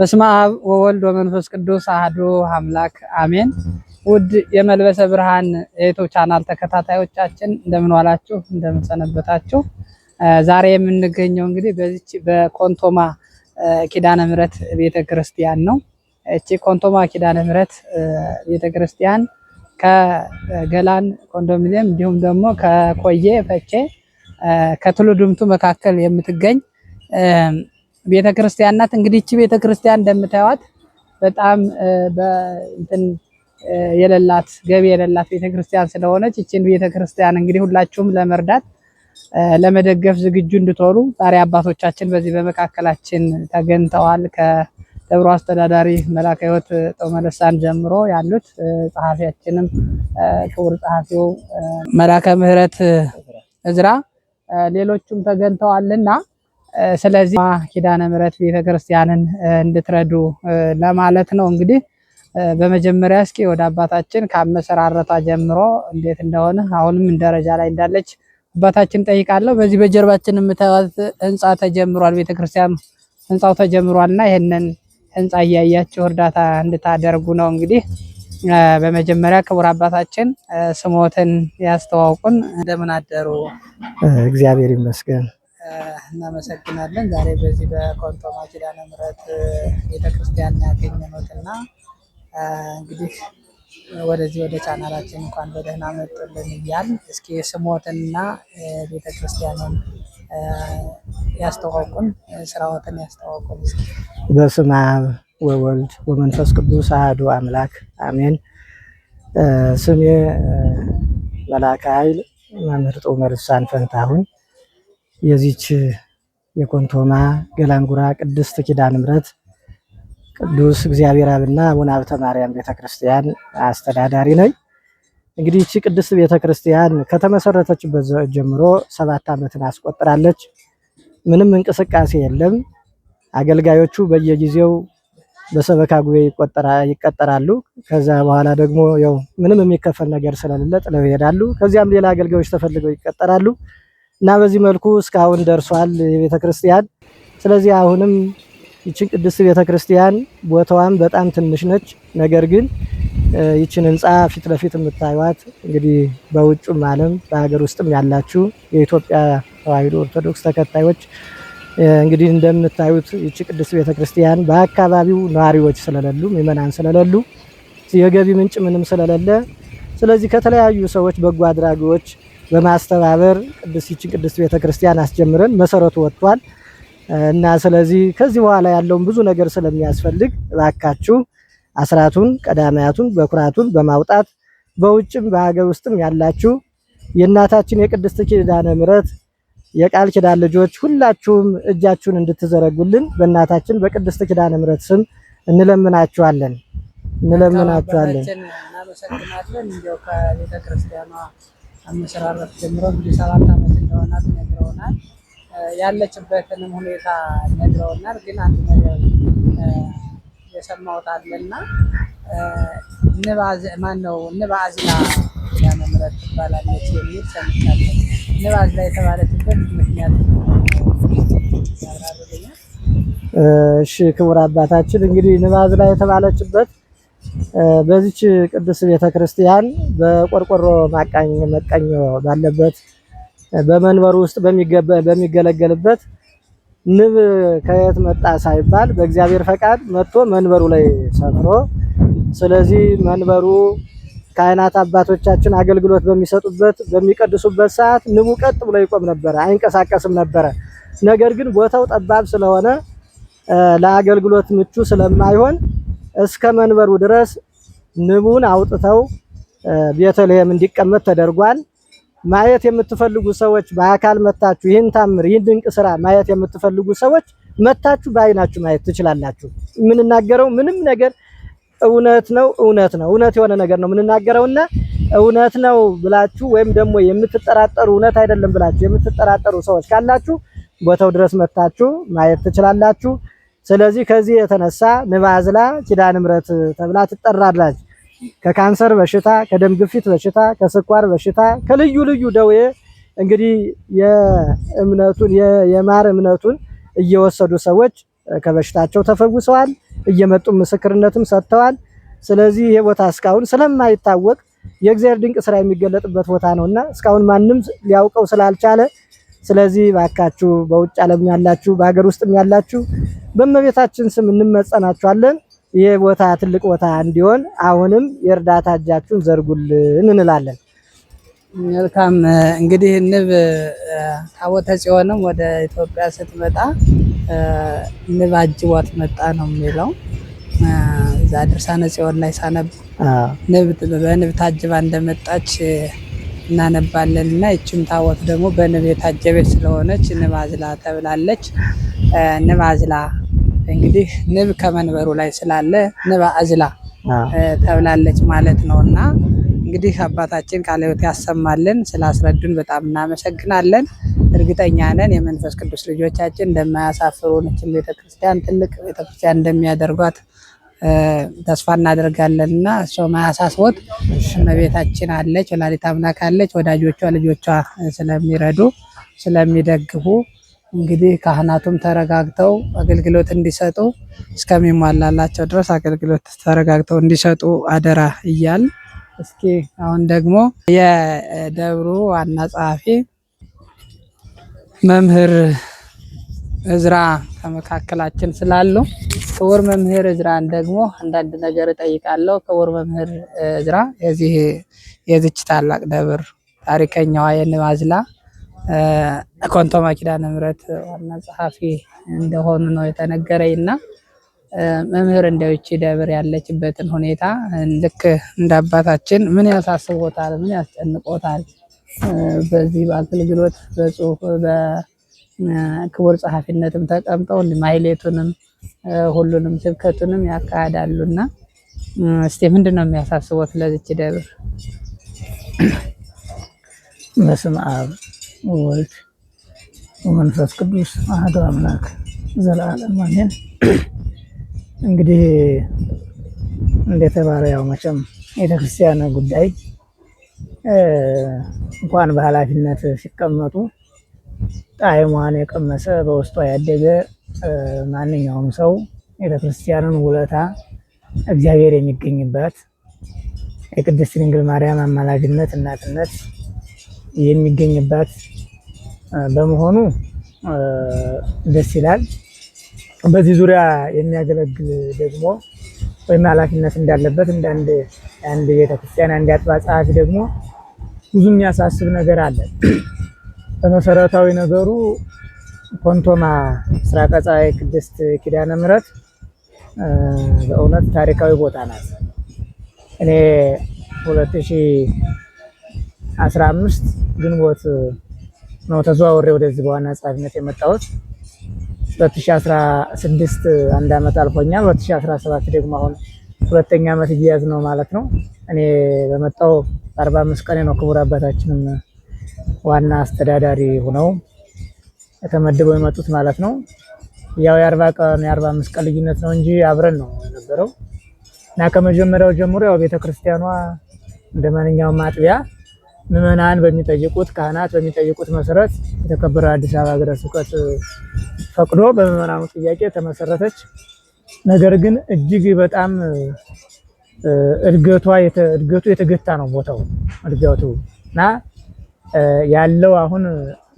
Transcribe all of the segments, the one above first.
በስመ አብ ወወልድ ወመንፈስ ቅዱስ አህዶ አምላክ አሜን። ውድ የመልበሰ ብርሃን የዩቲዩብ ቻናል ተከታታዮቻችን እንደምን ዋላችሁ፣ እንደምን ሰነበታችሁ? ዛሬ የምንገኘው እንግዲህ በዚች በኮንቶማ ኪዳነ ምሕረት ቤተክርስቲያን ነው። እቺ ኮንቶማ ኪዳነ ምሕረት ቤተክርስቲያን ከገላን ኮንዶሚኒየም እንዲሁም ደግሞ ከኮዬ ፈቼ ከትሉ ድምቱ መካከል የምትገኝ ቤተክርስቲያን ናት። እንግዲህ እቺ ቤተክርስቲያን እንደምታዩት በጣም በእንትን የሌላት ገቢ የሌላት ቤተክርስቲያን ስለሆነች እቺን ቤተክርስቲያን እንግዲህ ሁላችሁም ለመርዳት ለመደገፍ ዝግጁ እንድትሆኑ ዛሬ አባቶቻችን በዚህ በመካከላችን ተገኝተዋል። ከደብሮ አስተዳዳሪ መላከ ሕይወት ጦመለሳን ጀምሮ ያሉት ጸሐፊያችንም ክቡር ጸሐፊው መላከ ምሕረት እዝራ ሌሎቹም ተገኝተዋልና ስለዚህ ኪዳነ ምሕረት ቤተክርስቲያንን እንድትረዱ ለማለት ነው። እንግዲህ በመጀመሪያ እስኪ ወደ አባታችን ከአመሰራረቷ ጀምሮ እንዴት እንደሆነ አሁንም ደረጃ ላይ እንዳለች አባታችን ጠይቃለሁ። በዚህ በጀርባችን የምታዩት ህንፃ ተጀምሯል። ቤተክርስቲያን ህንፃው ተጀምሯልና ይህንን ህንፃ እያያችሁ እርዳታ እንድታደርጉ ነው። እንግዲህ በመጀመሪያ ክቡር አባታችን ስሞትን ያስተዋውቁን። እንደምን አደሩ? እግዚአብሔር ይመስገን። እናመሰግናለን። ዛሬ በዚህ በኮንቶማ ኪዳነ ምሕረት ቤተክርስቲያን ያገኘኑት እና እንግዲህ ወደዚህ ወደ ቻናላችን እንኳን በደህና መጡልን እያል እስኪ ስሞትንና ቤተክርስቲያንን ያስተዋውቁን፣ ስራዎትን ያስተዋውቁን። በስመ አብ ወወልድ ወመንፈስ ቅዱስ አህዱ አምላክ አሜን። ስሜ መልአከ ኃይል መምህር ጦመርሳን ፈንታሁን የዚች የኮንቶማ ገላንጉራ ቅድስት ኪዳነ ምሕረት ቅዱስ እግዚአብሔር አብና አቡነ ሀብተ ማርያም ቤተክርስቲያን አስተዳዳሪ ነኝ። እንግዲህ ይቺ ቅድስት ቤተክርስቲያን ከተመሰረተችበት ጀምሮ ሰባት ዓመትን አስቆጥራለች። ምንም እንቅስቃሴ የለም። አገልጋዮቹ በየጊዜው በሰበካ ጉባኤ ይቀጠራሉ። ከዛ በኋላ ደግሞ ያው ምንም የሚከፈል ነገር ስለሌለ ጥለው ይሄዳሉ። ከዚያም ሌላ አገልጋዮች ተፈልገው ይቀጠራሉ። እና በዚህ መልኩ እስካሁን ደርሷል ቤተክርስቲያን ክርስቲያን። ስለዚህ አሁንም ይችን ቅድስት ቤተ ክርስቲያን ቦታዋም በጣም ትንሽ ነች። ነገር ግን ይችን ህንፃ ፊት ለፊት የምታዩት እንግዲህ በውጩም ዓለም በሀገር ውስጥም ያላችሁ የኢትዮጵያ ተዋሕዶ ኦርቶዶክስ ተከታዮች እንግዲህ እንደምታዩት ይቺ ቅድስት ቤተ ክርስቲያን በአካባቢው ነዋሪዎች ስለሌሉ ምእመናን ስለሌሉ የገቢ ምንጭ ምንም ስለሌለ ስለዚህ ከተለያዩ ሰዎች በጎ አድራጊዎች በማስተባበር ቅድስቲችን ቅድስት ቤተ ክርስቲያን አስጀምረን መሰረቱ ወጥቷል እና ስለዚህ ከዚህ በኋላ ያለውን ብዙ ነገር ስለሚያስፈልግ እባካችሁ አስራቱን፣ ቀዳማያቱን፣ በኩራቱን በማውጣት በውጭም በሀገር ውስጥም ያላችሁ የእናታችን የቅድስት ኪዳነ ምሕረት የቃል ኪዳን ልጆች ሁላችሁም እጃችሁን እንድትዘረጉልን በእናታችን በቅድስት ኪዳነ ምሕረት ስም እንለምናችኋለን እንለምናችኋለን። አመሰራረት ጀምሮ እንግዲህ ሰባት ዓመት እንደሆናት ነግረውናል። ያለችበትንም ሁኔታ ነግረውናል። ግን አንድ ነገር የሰማሁት አለና ማነው ንባዝላ ያመምረት ትባላለች የሚል ሰምቻለሁ። ንባዝላ የተባለችበት ምክንያት እሺ፣ ክቡር አባታችን እንግዲህ ንባዝላ የተባለችበት በዚች ቅዱስ ቤተክርስቲያን በቆርቆሮ ማቃኝ መቃኝ ባለበት በመንበሩ ውስጥ በሚገለገልበት ንብ ከየት መጣ ሳይባል በእግዚአብሔር ፈቃድ መጥቶ መንበሩ ላይ ሰፍሮ፣ ስለዚህ መንበሩ ካህናት አባቶቻችን አገልግሎት በሚሰጡበት በሚቀድሱበት ሰዓት ንቡ ቀጥ ብሎ ይቆም ነበረ፣ አይንቀሳቀስም ነበረ። ነገር ግን ቦታው ጠባብ ስለሆነ ለአገልግሎት ምቹ ስለማይሆን እስከ መንበሩ ድረስ ንቡን አውጥተው ቤተልሔም እንዲቀመጥ ተደርጓል። ማየት የምትፈልጉ ሰዎች በአካል መታችሁ ይህን ታምር ይህን ድንቅ ስራ ማየት የምትፈልጉ ሰዎች መታችሁ በአይናችሁ ማየት ትችላላችሁ። የምንናገረው ምንም ነገር እውነት ነው፣ እውነት ነው፣ እውነት የሆነ ነገር ነው የምንናገረውና እውነት ነው ብላችሁ ወይም ደግሞ የምትጠራጠሩ እውነት አይደለም ብላችሁ የምትጠራጠሩ ሰዎች ካላችሁ ቦታው ድረስ መታችሁ ማየት ትችላላችሁ። ስለዚህ ከዚህ የተነሳ ንባዝላ አዝላ ኪዳነ ምሕረት ተብላ ትጠራለች። ከካንሰር በሽታ፣ ከደም ግፊት በሽታ፣ ከስኳር በሽታ፣ ከልዩ ልዩ ደዌ እንግዲህ የእምነቱን የማር እምነቱን እየወሰዱ ሰዎች ከበሽታቸው ተፈውሰዋል። እየመጡ ምስክርነትም ሰጥተዋል። ስለዚህ ይሄ ቦታ እስካሁን ስለማይታወቅ የእግዚአብሔር ድንቅ ስራ የሚገለጥበት ቦታ ነውና እስካሁን ማንም ሊያውቀው ስላልቻለ ስለዚህ ባካችሁ በውጭ ዓለም ያላችሁ በሀገር ውስጥም ያላችሁ በእመቤታችን ስም እንመጸናችኋለን። ይህ ቦታ ትልቅ ቦታ እንዲሆን አሁንም የእርዳታ እጃችሁን ዘርጉልን እንላለን። መልካም እንግዲህ ንብ ታቦተ ጽዮንም ወደ ኢትዮጵያ ስትመጣ ንብ አጅቧት መጣ ነው የሚለው እዛ ድርሳነ ጽዮን ላይ ሳነብ በንብ ታጅባ እንደመጣች እናነባለን እና ይችም ታቦት ደግሞ በንብ የታጀበች ስለሆነች ንብ አዝላ ተብላለች። ንብ አዝላ እንግዲህ ንብ ከመንበሩ ላይ ስላለ ንብ አዝላ ተብላለች ማለት ነው እና እንግዲህ አባታችን ቃለ ሕይወት ያሰማልን። ስላስረዱን በጣም እናመሰግናለን። እርግጠኛ ነን የመንፈስ ቅዱስ ልጆቻችን እንደማያሳፍሩን፣ ቤተክርስቲያን ትልቅ ቤተክርስቲያን እንደሚያደርጓት ተስፋ እናደርጋለን እና ሰው ማያሳስቦት እመቤታችን አለች፣ ወላዲት አምላክ አለች። ወዳጆቿ ልጆቿ ስለሚረዱ ስለሚደግፉ እንግዲህ ካህናቱም ተረጋግተው አገልግሎት እንዲሰጡ እስከሚሟላላቸው ድረስ አገልግሎት ተረጋግተው እንዲሰጡ አደራ እያል እስኪ አሁን ደግሞ የደብሩ ዋና ጸሐፊ መምህር እዝራ ከመካከላችን ስላሉ ከወር መምህር እዝራን ደግሞ አንዳንድ ነገር እጠይቃለሁ። ከወር መምህር እዝራ የዚህ የዝች ታላቅ ደብር ታሪከኛዋ የንባዝላ ኮንቶ ኪዳነ ምሕረት ዋና ጸሐፊ እንደሆኑ ነው የተነገረኝ እና መምህር እንደው ደብር ያለችበትን ሁኔታ ልክ እንደ አባታችን ምን ያሳስቦታል? ምን ያስጨንቆታል? በዚህ በአገልግሎት በጽሁፍ በክቡር ጸሐፊነትም ተቀምጠው ማይሌቱንም ሁሉንም ስብከቱንም ያካሂዳሉና እስቲ ምንድን ነው የሚያሳስቦት ለዚች ደብር? በስም አብ ወልድ ወመንፈስ ቅዱስ አህዶ አምላክ ዘለዓለም አሜን። እንግዲህ እንደተባለ ያው መቼም ቤተክርስቲያን ጉዳይ እንኳን በኃላፊነት ሲቀመጡ ጣዕሟን የቀመሰ በውስጧ ያደገ ማንኛውም ሰው ቤተክርስቲያንን ውለታ እግዚአብሔር የሚገኝበት የቅድስት ድንግል ማርያም አማላጅነት እናትነት የሚገኝበት በመሆኑ ደስ ይላል። በዚህ ዙሪያ የሚያገለግል ደግሞ ወይም ኃላፊነት እንዳለበት እንደ አንድ ቤተክርስቲያን አንድ አጥቢያ ጸሐፊ ደግሞ ብዙ የሚያሳስብ ነገር አለ። በመሰረታዊ ነገሩ ኮንቶማ ምስራቀ ፀሐይ ቅድስት ኪዳነ ምሕረት በእውነት ታሪካዊ ቦታ ናት። እኔ 2015 ግንቦት ነው ተዘዋውሬ ወደዚህ በዋና ጸሐፊነት የመጣሁት። 2016 አንድ ዓመት አልፎኛል። 2017 ደግሞ አሁን ሁለተኛ ዓመት እየያዝ ነው ማለት ነው። እኔ በመጣው 45 ቀኔ ነው ክቡር አባታችንም ዋና አስተዳዳሪ ሆነው ተመድበው የመጡት ማለት ነው። ያው የአርባ ቀን የአርባ አምስት ቀን ልዩነት ነው እንጂ አብረን ነው የነበረው እና ከመጀመሪያው ጀምሮ ያው ቤተክርስቲያኗ እንደ ማንኛውም አጥቢያ ምዕመናን በሚጠይቁት ካህናት በሚጠይቁት መሰረት የተከበረ አዲስ አበባ ሀገረ ስብከት ፈቅዶ በምዕመናኑ ጥያቄ ተመሰረተች። ነገር ግን እጅግ በጣም እድገቷ እድገቱ የተገታ ነው ቦታው እድገቱ እና ያለው አሁን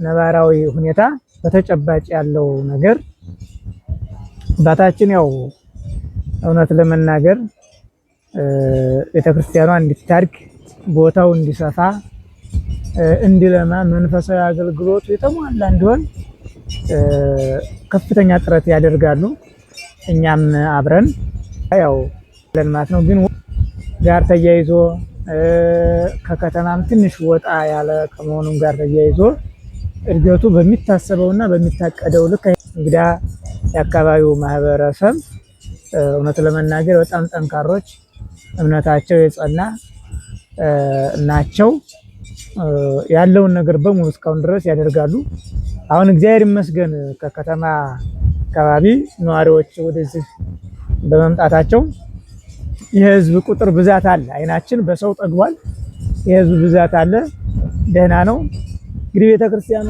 ነባራዊ ሁኔታ በተጨባጭ ያለው ነገር አባታችን ያው እውነት ለመናገር ቤተክርስቲያኗ እንድታድግ ቦታው እንዲሰፋ እንዲለማ መንፈሳዊ አገልግሎቱ የተሟላ እንዲሆን ከፍተኛ ጥረት ያደርጋሉ። እኛም አብረን ያው ለልማት ነው ግን ጋር ተያይዞ ከከተማም ትንሽ ወጣ ያለ ከመሆኑም ጋር ተያይዞ እድገቱ በሚታሰበውና በሚታቀደው ልክ እንግዲያ የአካባቢው ማህበረሰብ እውነት ለመናገር በጣም ጠንካሮች፣ እምነታቸው የጸና ናቸው። ያለውን ነገር በሙሉ እስካሁን ድረስ ያደርጋሉ። አሁን እግዚአብሔር ይመስገን ከከተማ አካባቢ ነዋሪዎች ወደዚህ በመምጣታቸው የህዝብ ቁጥር ብዛት አለ። አይናችን በሰው ጠግቧል። የህዝብ ብዛት አለ። ደህና ነው። እንግዲህ ቤተክርስቲያኗ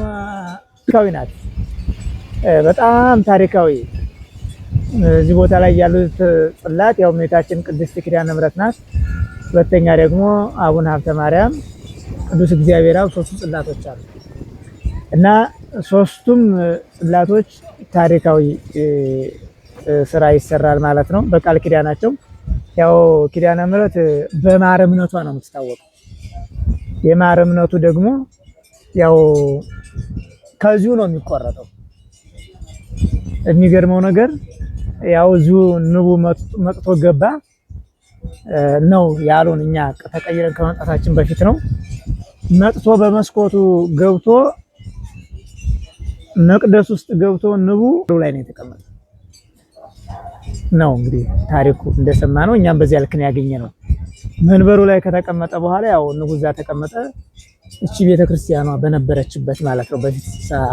ካዊ ናት። በጣም ታሪካዊ እዚህ ቦታ ላይ ያሉት ጽላት ያው እመቤታችን ቅድስት ኪዳነ ምሕረት ናት። ሁለተኛ ደግሞ አቡነ ሀብተ ማርያም፣ ቅዱስ እግዚአብሔር አብ ሶስቱ ጽላቶች አሉ እና ሶስቱም ጽላቶች ታሪካዊ ስራ ይሰራል ማለት ነው። በቃል ኪዳናቸው ያው ኪዳነ ምሕረት በማር እምነቷ ነው የምትታወቀው። የማር እምነቱ ደግሞ ያው ከዚሁ ነው የሚቆረጠው የሚገርመው ነገር ያው እዚሁ ንቡ መጥቶ ገባ ነው ያሉን። እኛ ተቀይረን ከመምጣታችን በፊት ነው መጥቶ በመስኮቱ ገብቶ መቅደስ ውስጥ ገብቶ ንቡ ላይ ነው የተቀመጠ ነው። እንግዲህ ታሪኩ እንደሰማ ነው። እኛም በዚያ ልክ ነው ያገኘ ነው። መንበሩ ላይ ከተቀመጠ በኋላ ያው ንቡ እዛ ተቀመጠ። እቺ ቤተክርስቲያኗ በነበረችበት ማለት ነው በፊት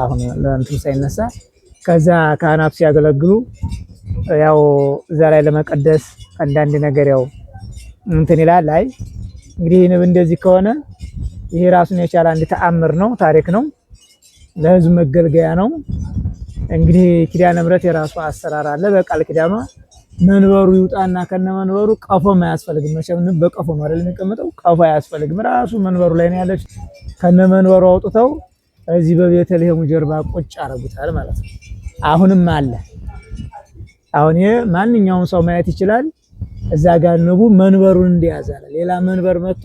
አሁን ለእንትኑ ሳይነሳ ከዛ ካህናቱ ሲያገለግሉ ያው እዛ ላይ ለመቀደስ አንዳንድ ነገር ያው እንትን ይላል። አይ እንግዲህ እንደዚህ ከሆነ ይሄ ራሱን የቻለ አንድ ተአምር ነው፣ ታሪክ ነው፣ ለህዝብ መገልገያ ነው። እንግዲህ ኪዳነ ምሕረት የራሱ አሰራር አለ። በቃል ኪዳኗ መንበሩ ይውጣና ከነ መንበሩ ቀፎም አያስፈልግም። መቼም በቀፎ ነው አይደል የሚቀመጠው? ቀፎ አያስፈልግም። ራሱ መንበሩ ላይ ነው ያለች። ከነ መንበሩ አውጥተው እዚህ በቤተልሔሙ ጀርባ ቁጭ አረጉታል ማለት ነው። አሁንም አለ። አሁን ማንኛውም ሰው ማየት ይችላል። እዛ ጋር ንቡ መንበሩን እንደያዘ አለ። ሌላ መንበር መጥቶ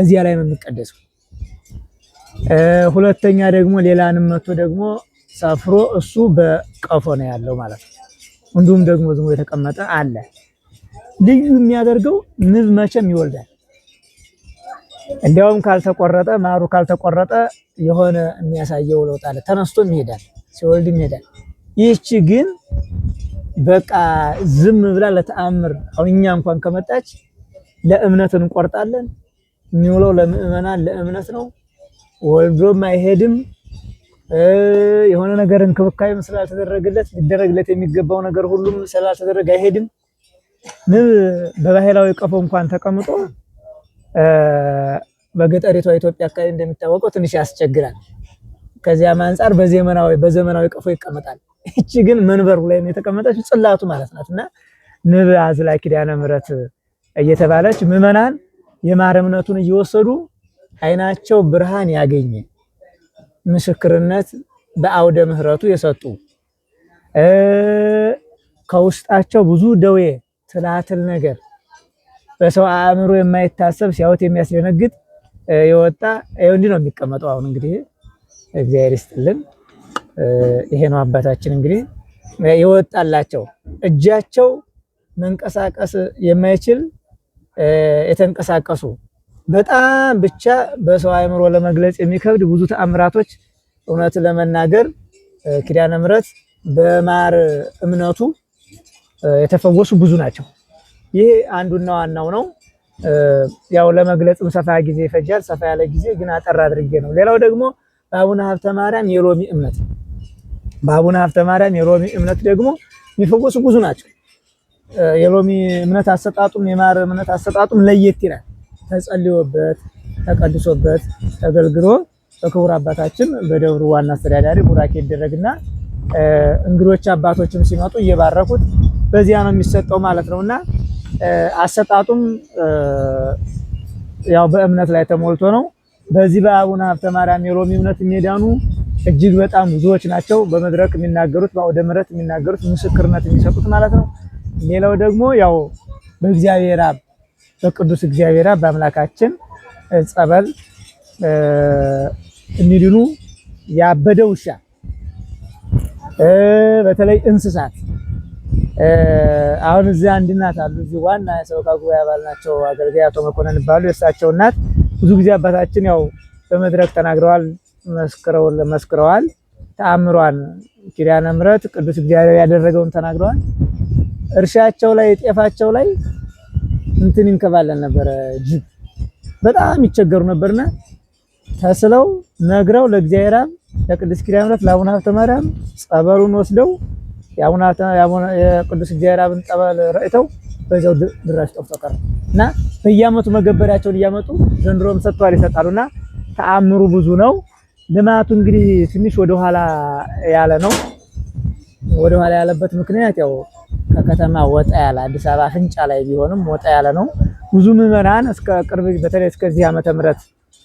እዚያ ላይ ነው የሚቀደሰው። ሁለተኛ ደግሞ ሌላንም መጥቶ ደግሞ ሰፍሮ እሱ በቀፎ ነው ያለው ማለት ነው። እንዲሁም ደግሞ ዝም የተቀመጠ አለ። ልዩ የሚያደርገው ንብ መቼም ይወልዳል። እንዲያውም ካልተቆረጠ ማሩ ካልተቆረጠ የሆነ የሚያሳየው ለውጥ አለ። ተነስቶም ይሄዳል፣ ሲወልድም ይሄዳል። ይህቺ ግን በቃ ዝም ብላ ለተአምር አሁን እኛ እንኳን ከመጣች ለእምነት እንቆርጣለን። የሚውለው ለምእመናን ለእምነት ነው። ወልዶም አይሄድም። የሆነ ነገር እንክብካቤም ስላልተደረገለት ሊደረግለት የሚገባው ነገር ሁሉም ስላልተደረገ አይሄድም። ንብ በባህላዊ ቀፎ እንኳን ተቀምጦ በገጠሪቷ ኢትዮጵያ አካባቢ እንደሚታወቀው ትንሽ ያስቸግራል። ከዚያም አንጻር በዘመናዊ በዘመናዊ ቀፎ ይቀመጣል። እቺ ግን መንበሩ ላይ ነው የተቀመጠች ጽላቱ ማለት ናት። እና ንብ አዝላ ኪዳነ ምሕረት እየተባለች ምዕመናን የማረምነቱን እየወሰዱ አይናቸው ብርሃን ያገኘ ምስክርነት በአውደ ምሕረቱ የሰጡ ከውስጣቸው ብዙ ደዌ ትላትል ነገር በሰው አእምሮ የማይታሰብ ሲያወት የሚያስደነግጥ የወጣ እንዲህ ነው የሚቀመጠው። አሁን እንግዲህ እግዚአብሔር ይስጥልን። ይሄ ነው አባታችን እንግዲህ ይወጣላቸው እጃቸው መንቀሳቀስ የማይችል የተንቀሳቀሱ በጣም ብቻ በሰው አእምሮ ለመግለጽ የሚከብድ ብዙ ተአምራቶች እውነት ለመናገር ኪዳነ ምሕረት በማር እምነቱ የተፈወሱ ብዙ ናቸው። ይህ አንዱና ዋናው ነው። ያው ለመግለጽም ሰፋ ጊዜ ይፈጃል። ሰፋ ያለ ጊዜ ግን አጠር አድርጌ ነው። ሌላው ደግሞ በአቡነ ሀብተ ማርያም የሎሚ እምነት በአቡነ ሀብተ ማርያም የሎሚ እምነት ደግሞ የሚፈወሱ ብዙ ናቸው። የሎሚ እምነት አሰጣጡም የማር እምነት አሰጣጡም ለየት ይላል። ተጸልዮበት ተቀድሶበት ተገልግሎ በክቡር አባታችን በደብሩ ዋና አስተዳዳሪ ቡራኬ ይደረግና እንግዶች አባቶችም ሲመጡ እየባረኩት በዚያ ነው የሚሰጠው ማለት ነው እና አሰጣጡም ያው በእምነት ላይ ተሞልቶ ነው። በዚህ በአቡነ ሀብተ ማርያም የሎሚ እምነት የሚዳኑ እጅግ በጣም ብዙዎች ናቸው። በመድረክ የሚናገሩት በአውደ ምሕረት የሚናገሩት ምስክርነት የሚሰጡት ማለት ነው። ሌላው ደግሞ ያው በእግዚአብሔር አብ በቅዱስ እግዚአብሔር አብ በአምላካችን ጸበል እንዲድኑ ያበደ ውሻ በተለይ እንስሳት አሁን እዚህ አንድ እናት አሉ። እዚህ ዋና የሰበካ ጉባኤ አባል ናቸው አገልጋይ አቶ መኮንን ይባሉ። የእሳቸው እናት ብዙ ጊዜ አባታችን ያው በመድረክ ተናግረዋል። መስክረዋል። ተአምሯን ኪዳነ ምሕረት ቅዱስ እግዚአብሔር ያደረገውን ተናግረዋል። እርሻቸው ላይ ጤፋቸው ላይ እንትን ይንከባለን ነበረ ጅብ በጣም ይቸገሩ ነበርና ተስለው ነግረው ለእግዚአብሔር አብ ለቅዱስ ኪዳነ ምሕረት ለአቡነ ሀብተ ማርያም ጸበሉን ወስደው የቅዱስ እግዚአብሔር አብን ጸበል ረእተው በዛው ድራሽ ጠፍቶ ቀረ እና በየአመቱ መገበሪያቸውን እያመጡ ዘንድሮም ሰጥተዋል ይሰጣሉና ተአምሩ ብዙ ነው። ልማቱ እንግዲህ ትንሽ ወደኋላ ያለ ነው። ወደኋላ ያለበት ምክንያት ያው ከከተማ ወጣ ያለ አዲስ አበባ አፍንጫ ላይ ቢሆንም ወጣ ያለ ነው። ብዙ ምዕመናን እስከ ቅርብ በተለይ እስከዚህ ዓመተ ምህረት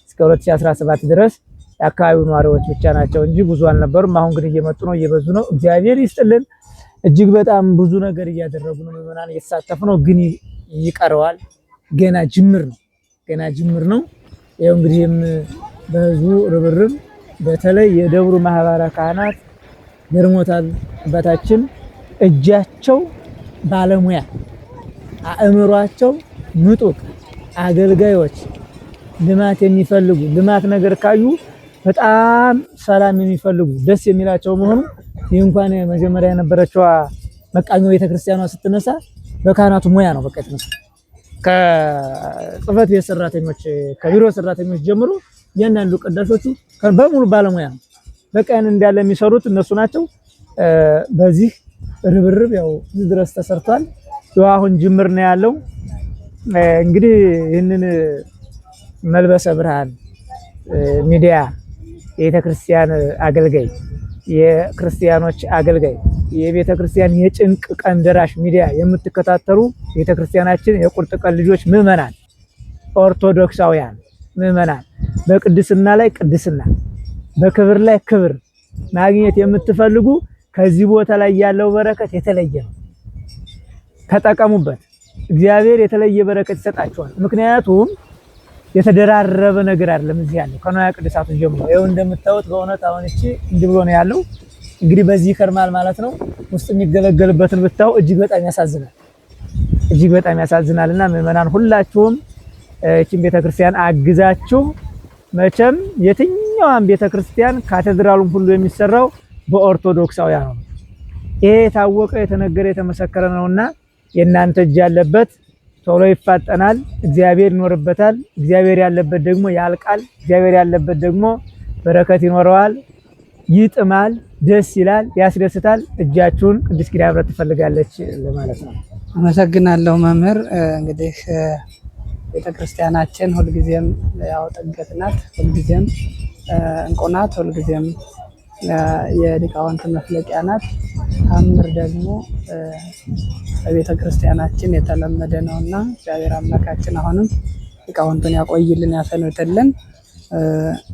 እስከ 2017 ድረስ የአካባቢው ነዋሪዎች ብቻ ናቸው እንጂ ብዙ አልነበሩም። አሁን ግን እየመጡ ነው፣ እየበዙ ነው። እግዚአብሔር ይስጥልን። እጅግ በጣም ብዙ ነገር እያደረጉ ነው። ምዕመናን እየተሳተፉ ነው፣ ግን ይቀረዋል። ገና ጅምር ነው፣ ገና ጅምር ነው። ይኸው እንግዲህም በህዝቡ ርብርብ በተለይ የደብሩ ማህበረ ካህናት ገርሞታል አባታችን። እጃቸው ባለሙያ፣ አእምሯቸው ምጡቅ፣ አገልጋዮች ልማት የሚፈልጉ ልማት ነገር ካዩ በጣም ሰላም የሚፈልጉ ደስ የሚላቸው መሆኑ ይህ እንኳን መጀመሪያ የነበረችዋ መቃኞ ቤተክርስቲያኗ ስትነሳ በካህናቱ ሙያ ነው በቃ የተነሳ ከጽህፈት ቤት ሰራተኞች ከቢሮ ሰራተኞች ጀምሮ እያንዳንዱ ቅዳሾቹ በሙሉ ባለሙያ ነው። በቀን እንዳለ የሚሰሩት እነሱ ናቸው። በዚህ ርብርብ ያው እዚህ ድረስ ተሰርቷል። አሁን ጅምር ነው ያለው። እንግዲህ ይህንን መልበሰ ብርሃን ሚዲያ የቤተክርስቲያን አገልጋይ፣ የክርስቲያኖች አገልጋይ፣ የቤተክርስቲያን የጭንቅ ቀን ደራሽ ሚዲያ የምትከታተሉ ቤተክርስቲያናችን የቁርጥ ቀን ልጆች ምዕመናን ኦርቶዶክሳውያን ምዕመናን በቅድስና ላይ ቅድስና፣ በክብር ላይ ክብር ማግኘት የምትፈልጉ ከዚህ ቦታ ላይ ያለው በረከት የተለየ ነው። ተጠቀሙበት። እግዚአብሔር የተለየ በረከት ይሰጣችኋል። ምክንያቱም የተደራረበ ነገር አይደለም። እዚህ ያለው ከንዋየ ቅድሳቱ ጀምሮ ይኸው እንደምታዩት በእውነት አሁን እቺ እንዲህ ብሎ ነው ያለው። እንግዲህ በዚህ ከርማል ማለት ነው። ውስጥ የሚገለገልበትን ብታው እጅግ በጣም ያሳዝናል፣ እጅግ በጣም ያሳዝናልና ምዕመናን ሁላችሁም እቺን ቤተክርስቲያን አግዛችሁ። መቼም የትኛዋን ቤተክርስቲያን ካቴድራሉን ሁሉ የሚሰራው በኦርቶዶክሳውያን ነው። ይሄ የታወቀ የተነገረ የተመሰከረ ነውና የእናንተ እጅ ያለበት ቶሎ ይፋጠናል። እግዚአብሔር ይኖርበታል። እግዚአብሔር ያለበት ደግሞ ያልቃል። እግዚአብሔር ያለበት ደግሞ በረከት ይኖረዋል። ይጥማል፣ ደስ ይላል፣ ያስደስታል። እጃችሁን ቅድስት ኪዳነ ምሕረት ትፈልጋለች ለማለት ነው። አመሰግናለሁ መምህር እንግዲህ ቤተክርስቲያናችን ሁልጊዜም ያው ጥግት ናት፣ ሁልጊዜም እንቁ ናት፣ ሁልጊዜም የሊቃውንት መፍለቂያ ናት። ታምር ደግሞ በቤተክርስቲያናችን የተለመደ ነው እና እግዚአብሔር አምላካችን አሁንም ሊቃውንቱን ያቆይልን፣ ያሰኑትልን።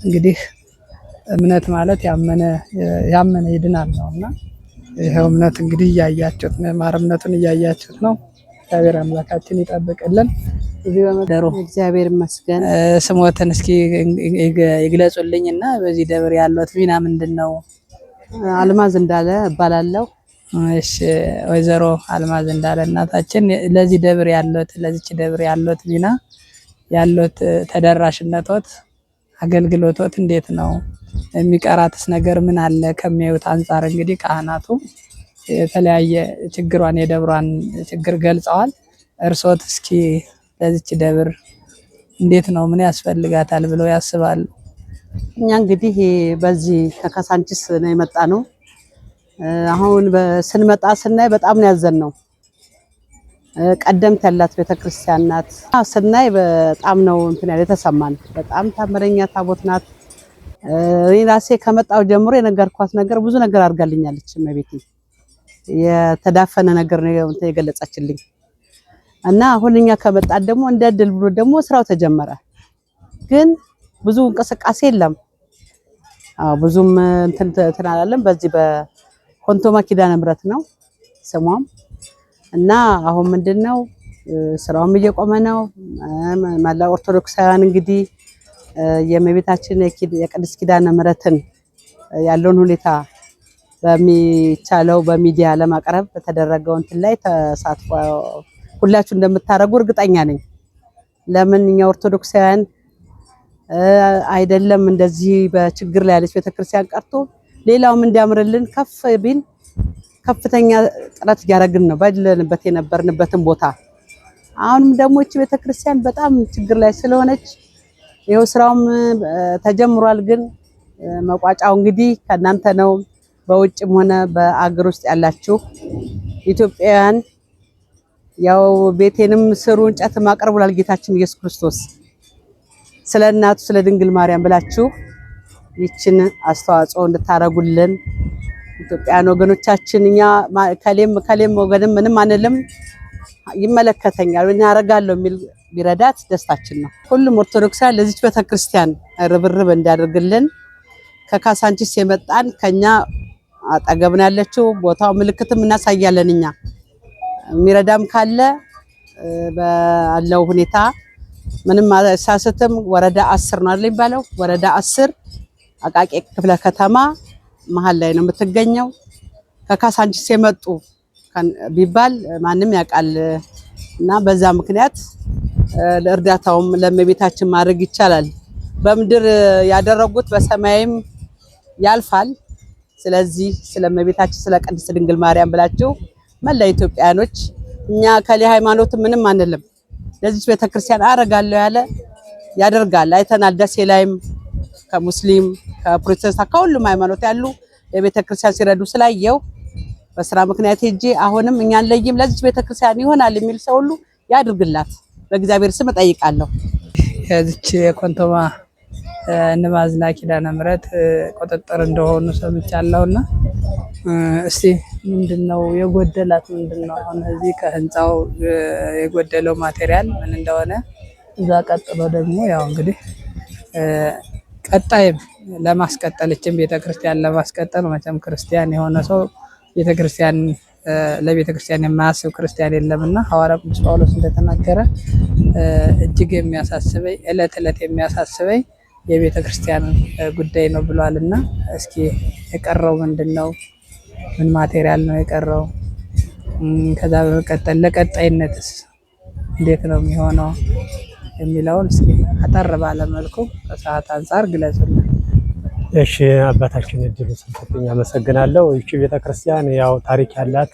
እንግዲህ እምነት ማለት ያመነ ይድናል ነው እና ይኸው እምነት እንግዲህ እያያችሁት ማር እምነቱን እያያችሁት ነው። እግዚአብሔር አምላካችን ይጠብቅልን። እግዚአብሔር ይመስገን። ስሞትን እስኪ ይግለጹልኝ እና በዚህ ደብር ያለት ሚና ምንድን ነው? አልማዝ እንዳለ እባላለሁ። እሺ ወይዘሮ አልማዝ እንዳለ እናታችን ለዚህ ደብር ያለት ለዚች ደብር ያለት ሚና ያለት ተደራሽነቶት አገልግሎቶት እንዴት ነው? የሚቀራትስ ነገር ምን አለ? ከሚያዩት አንጻር እንግዲህ ካህናቱ የተለያየ ችግሯን የደብሯን ችግር ገልጸዋል። እርሶት እስኪ ለዚች ደብር እንዴት ነው ምን ያስፈልጋታል ብለው ያስባሉ? እኛ እንግዲህ በዚህ ከካሳንቺስ ነው የመጣ ነው። አሁን ስንመጣ ስናይ በጣም ነው ያዘን ነው ቀደምት ያላት ቤተክርስቲያን ናት ስናይ በጣም ነው እንትን ያለ የተሰማን። በጣም ታመረኛ ታቦት ናት። እኔ ራሴ ከመጣው ጀምሮ የነገርኳት ነገር ብዙ ነገር አድርጋልኛለች እመቤቴ የተዳፈነ ነገር ነው የገለጸችልኝ። እና አሁን እኛ ከመጣት ደግሞ እንደ እድል ብሎ ደግሞ ስራው ተጀመረ፣ ግን ብዙ እንቅስቃሴ የለም። አዎ ብዙም እንትን አላለም። በዚህ በኮንቶማ ኪዳነ ምህረት ነው ስሟም። እና አሁን ምንድን ነው ስራውም እየቆመ ነው። መላ ኦርቶዶክሳውያን እንግዲህ የእመቤታችን የቅድስት ኪዳነ ምህረትን ያለውን ሁኔታ በሚቻለው በሚዲያ ለማቅረብ በተደረገው እንትን ላይ ተሳትፎ ሁላችሁ እንደምታደርጉ እርግጠኛ ነኝ። ለምን እኛ ኦርቶዶክሳውያን አይደለም እንደዚህ በችግር ላይ ያለች ቤተክርስቲያን ቀርቶ ሌላውም እንዲያምርልን ከፍ ቢል ከፍተኛ ጥረት እያደረግን ነው ባለንበት የነበርንበትን ቦታ። አሁንም ደግሞ እቺ ቤተክርስቲያን በጣም ችግር ላይ ስለሆነች ይኸው ስራውም ተጀምሯል፣ ግን መቋጫው እንግዲህ ከእናንተ ነው። በውጭም ሆነ በአገር ውስጥ ያላችሁ ኢትዮጵያውያን ያው ቤቴንም ስሩ እንጨት አቅርቡ ላል ጌታችን ኢየሱስ ክርስቶስ ስለ እናቱ ስለ ድንግል ማርያም ብላችሁ ይችን አስተዋጽኦ እንድታረጉልን ኢትዮጵያውያን ወገኖቻችን፣ እኛ ከሌም ከሌም ወገንም ምንም አንልም። ይመለከተኛል ወይ ያረጋለሁ የሚል ቢረዳት ደስታችን ነው። ሁሉም ኦርቶዶክሳን ለዚች ቤተክርስቲያን ርብርብ እንዲያደርግልን ከካሳንቺስ የመጣን ከኛ አጠገብን ያለችው ቦታው ምልክትም እናሳያለን። እኛ የሚረዳም ካለ ባለው ሁኔታ ምንም አሳስትም ወረዳ አስር ነው አይደል የሚባለው? ወረዳ አስር አቃቂ ክፍለ ከተማ መሀል ላይ ነው የምትገኘው። ከካሳንቺስ የመጡ ቢባል ማንም ያውቃል እና በዛ ምክንያት እርዳታውም ለእመቤታችን ማድረግ ይቻላል። በምድር ያደረጉት በሰማይም ያልፋል። ስለዚህ ስለ እመቤታችን ስለ ቅድስት ድንግል ማርያም ብላችሁ መላ ኢትዮጵያኖች እኛ ከሊ ሃይማኖት ምንም አንልም። ለዚች ቤተክርስቲያን አረጋለሁ ያለ ያደርጋል። አይተናል። ደሴ ላይም ከሙስሊም ከፕሮቴስታንት ከሁሉም ሃይማኖት ያሉ ለቤተክርስቲያን ሲረዱ ስላየው በስራ ምክንያት ሄጄ አሁንም እኛን ለይም ለዚች ቤተክርስቲያን ይሆናል የሚል ሰው ሁሉ ያድርግላት በእግዚአብሔር ስም እጠይቃለሁ። የዚች የኮንቶማ ንባዝና ኪዳነ ምሕረት ቁጥጥር እንደሆኑ ሰምቻለሁ። እና እስቲ ምንድን ነው የጎደላት? ምንድን ነው አሁን እዚህ ከህንፃው የጎደለው ማቴሪያል ምን እንደሆነ እዛ፣ ቀጥሎ ደግሞ ያው እንግዲህ ቀጣይም ለማስቀጠል እችም ቤተክርስቲያን ለማስቀጠል መቼም ክርስቲያን የሆነ ሰው ቤተክርስቲያን ለቤተክርስቲያን የማያስብ ክርስቲያን የለም እና ሐዋርያው ቅዱስ ጳውሎስ እንደተናገረ እጅግ የሚያሳስበኝ እለት እለት የሚያሳስበኝ የቤተ ክርስቲያን ጉዳይ ነው ብሏል እና እስኪ የቀረው ምንድን ነው? ምን ማቴሪያል ነው የቀረው? ከዛ በመቀጠል ለቀጣይነትስ እንዴት ነው የሚሆነው የሚለውን እስኪ አጠር ባለ መልኩ ከሰዓት አንጻር ግለጹልን። እሺ አባታችን እድሉ ስንሰጥኝ አመሰግናለሁ። ይቺ ቤተክርስቲያን ያው ታሪክ ያላት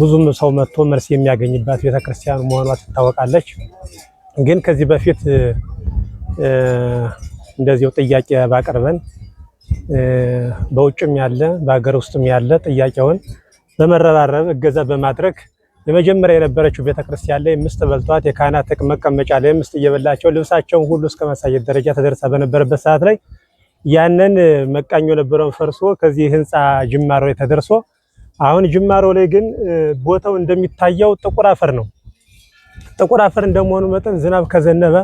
ብዙም ሰው መጥቶ መልስ የሚያገኝባት ቤተክርስቲያን መሆኗ ትታወቃለች። ግን ከዚህ በፊት እንደዚሁ ጥያቄ ባቀርበን በውጭም ያለ በሀገር ውስጥም ያለ ጥያቄውን በመረባረብ እገዛ በማድረግ የመጀመሪያ የነበረችው ቤተክርስቲያን ላይ ምስጥ በልቷት የካህናት መቀመጫ ላይ ምስጥ እየበላቸው ልብሳቸውን ሁሉ እስከ መሳየት ደረጃ ተደርሳ በነበረበት ሰዓት ላይ ያንን መቃኞ የነበረውን ፈርሶ ከዚህ ህንፃ ጅማሮ ላይ ተደርሶ አሁን ጅማሮ ላይ ግን ቦታው እንደሚታየው ጥቁር አፈር ነው። ጥቁር አፈር እንደመሆኑ መጠን ዝናብ ከዘነበ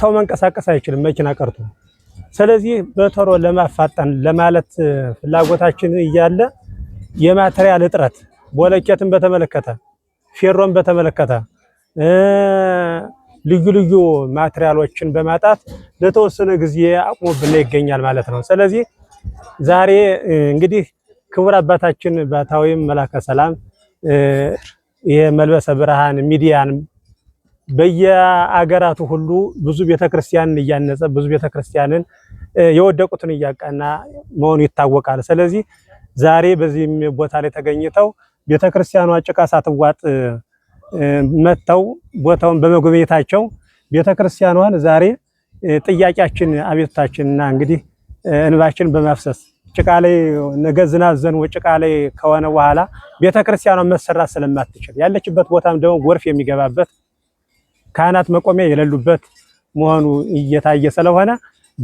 ሰው መንቀሳቀስ አይችልም መኪና ቀርቶ። ስለዚህ በቶሎ ለማፋጠን ለማለት ፍላጎታችን እያለ የማቴሪያል እጥረት ቦለኬትን በተመለከተ ፌሮን በተመለከተ ልዩ ልዩ ማቴሪያሎችን በማጣት ለተወሰነ ጊዜ አቁሞብን ይገኛል ማለት ነው። ስለዚህ ዛሬ እንግዲህ ክቡር አባታችን ባታዊም መላከ ሰላም የመልበሰ መልበሰ ብርሃን ሚዲያን በየአገራቱ ሁሉ ብዙ ቤተክርስቲያንን እያነጸ ብዙ ቤተክርስቲያንን የወደቁትን እያቀና መሆኑ ይታወቃል። ስለዚህ ዛሬ በዚህም ቦታ ላይ ተገኝተው ቤተክርስቲያኗ ጭቃ ሳትዋጥ መጥተው ቦታውን በመጎብኘታቸው ቤተክርስቲያኗን ዛሬ ጥያቄያችን፣ አቤቱታችንና እንግዲህ እንባችን በማፍሰስ ጭቃ ላይ ነገ ዝናብ ዘንቦ ጭቃ ላይ ከሆነ በኋላ ቤተክርስቲያኗ መሰራት ስለማትችል ያለችበት ቦታም ደግሞ ጎርፍ የሚገባበት ካህናት መቆሚያ የሌሉበት መሆኑ እየታየ ስለሆነ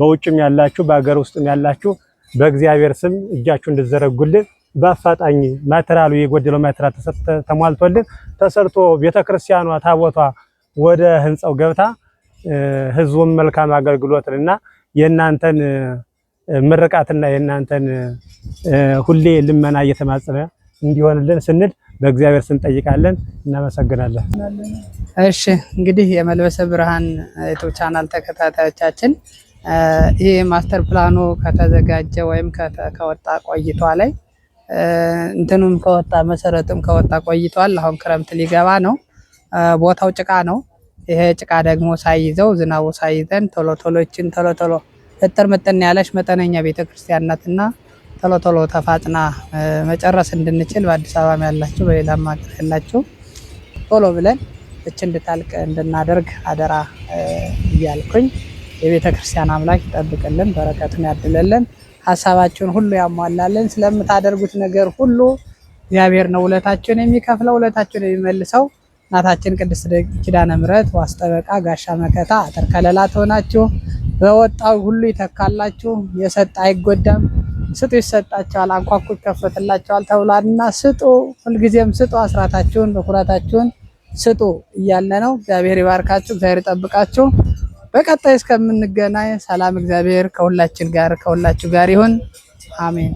በውጭም ያላችሁ በሀገር ውስጥም ያላችሁ በእግዚአብሔር ስም እጃችሁ እንድዘረጉልን በአፋጣኝ ማቴሪያሉ የጎደለው ማቴሪያል ተሟልቶልን ተሰርቶ ቤተክርስቲያኗ ታቦቷ ወደ ህንፃው ገብታ ህዝቡም መልካም አገልግሎትንና የእናንተን ምርቃትና የእናንተን ሁሌ ልመና እየተማጸነ እንዲሆንልን ስንል በእግዚአብሔር ስም ጠይቃለን። እናመሰግናለን። እሺ እንግዲህ የመልበሰ ብርሃን ዩቱብ ቻናል ተከታታዮቻችን ይህ ማስተር ፕላኑ ከተዘጋጀ ወይም ከወጣ ቆይቷ ላይ እንትኑም ከወጣ መሰረቱም ከወጣ ቆይቷል። አሁን ክረምት ሊገባ ነው። ቦታው ጭቃ ነው። ይሄ ጭቃ ደግሞ ሳይዘው ዝናቡ ሳይዘን ቶሎ ቶሎችን ቶሎ ቶሎ እጥር ምጥን ያለች መጠነኛ ቤተክርስቲያን ናትና ቶሎ ቶሎ ተፋጥና መጨረስ እንድንችል በአዲስ አበባም ያላችሁ በሌላም ሀገር ያላችሁ ቶሎ ብለን እች እንድታልቅ እንድናደርግ አደራ እያልኩኝ የቤተ ክርስቲያን አምላክ ይጠብቅልን፣ በረከቱን ያድለልን፣ ሀሳባችሁን ሁሉ ያሟላልን። ስለምታደርጉት ነገር ሁሉ እግዚአብሔር ነው ውለታችሁን የሚከፍለው ውለታችሁን የሚመልሰው። እናታችን ቅድስት ኪዳነ ምሕረት ዋስጠበቃ ጋሻ መከታ አተር ከለላ ትሆናችሁ፣ በወጣው ሁሉ ይተካላችሁ፣ የሰጠ አይጎዳም። ስጡ ይሰጣቸዋል፣ አንኳኩ ይከፈትላቸዋል ተብሏልና ስጡ፣ ሁልጊዜም ስጡ፣ አስራታችሁን በኩራታችሁን ስጡ እያለ ነው። እግዚአብሔር ይባርካችሁ፣ እግዚአብሔር ይጠብቃችሁ። በቀጣይ እስከምንገናኝ ሰላም፣ እግዚአብሔር ከሁላችን ጋር ከሁላችሁ ጋር ይሁን። አሜን።